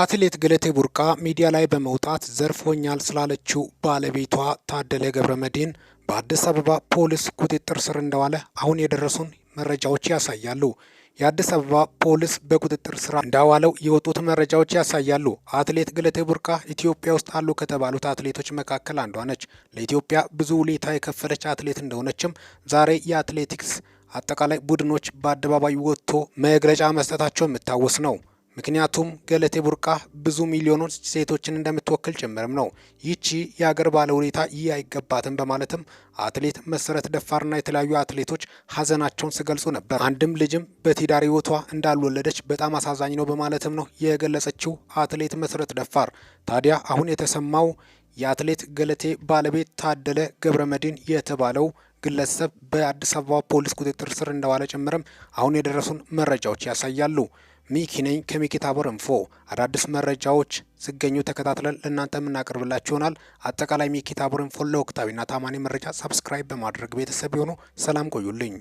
አትሌት ገለቴ ቡርቃ ሚዲያ ላይ በመውጣት ዘርፎኛል ስላለችው ባለቤቷ ታደለ ገብረ መድህን በአዲስ አበባ ፖሊስ ቁጥጥር ስር እንደዋለ አሁን የደረሱን መረጃዎች ያሳያሉ። የአዲስ አበባ ፖሊስ በቁጥጥር ስር እንዳዋለው የወጡት መረጃዎች ያሳያሉ። አትሌት ገለቴ ቡርቃ ኢትዮጵያ ውስጥ አሉ ከተባሉት አትሌቶች መካከል አንዷ ነች። ለኢትዮጵያ ብዙ ውለታ የከፈለች አትሌት እንደሆነችም ዛሬ የአትሌቲክስ አጠቃላይ ቡድኖች በአደባባይ ወጥቶ መግለጫ መስጠታቸው የሚታወስ ነው። ምክንያቱም ገለቴ ቡርቃ ብዙ ሚሊዮኖች ሴቶችን እንደምትወክል ጭምርም ነው። ይቺ የአገር ባለውለታ ይህ አይገባትም በማለትም አትሌት መሰረት ደፋርና የተለያዩ አትሌቶች ሀዘናቸውን ሲገልጹ ነበር። አንድም ልጅም በትዳር ሕይወቷ እንዳልወለደች በጣም አሳዛኝ ነው በማለትም ነው የገለጸችው አትሌት መሰረት ደፋር። ታዲያ አሁን የተሰማው የአትሌት ገለቴ ባለቤት ታደለ መድን የተባለው ግለሰብ በአዲስ አበባ ፖሊስ ቁጥጥር ስር እንደዋለ ጭምርም አሁን የደረሱን መረጃዎች ያሳያሉ። ሚኪ ነኝ ከሚኪ ታቦር ኢንፎ። አዳዲስ መረጃዎች ሲገኙ ተከታትለን ለእናንተ የምናቀርብላችሁ ይሆናል። አጠቃላይ ሚኪ ታቦር ኢንፎ ለወቅታዊና ታማኒ መረጃ ሰብስክራይብ በማድረግ ቤተሰብ የሆኑ ሰላም ቆዩልኝ።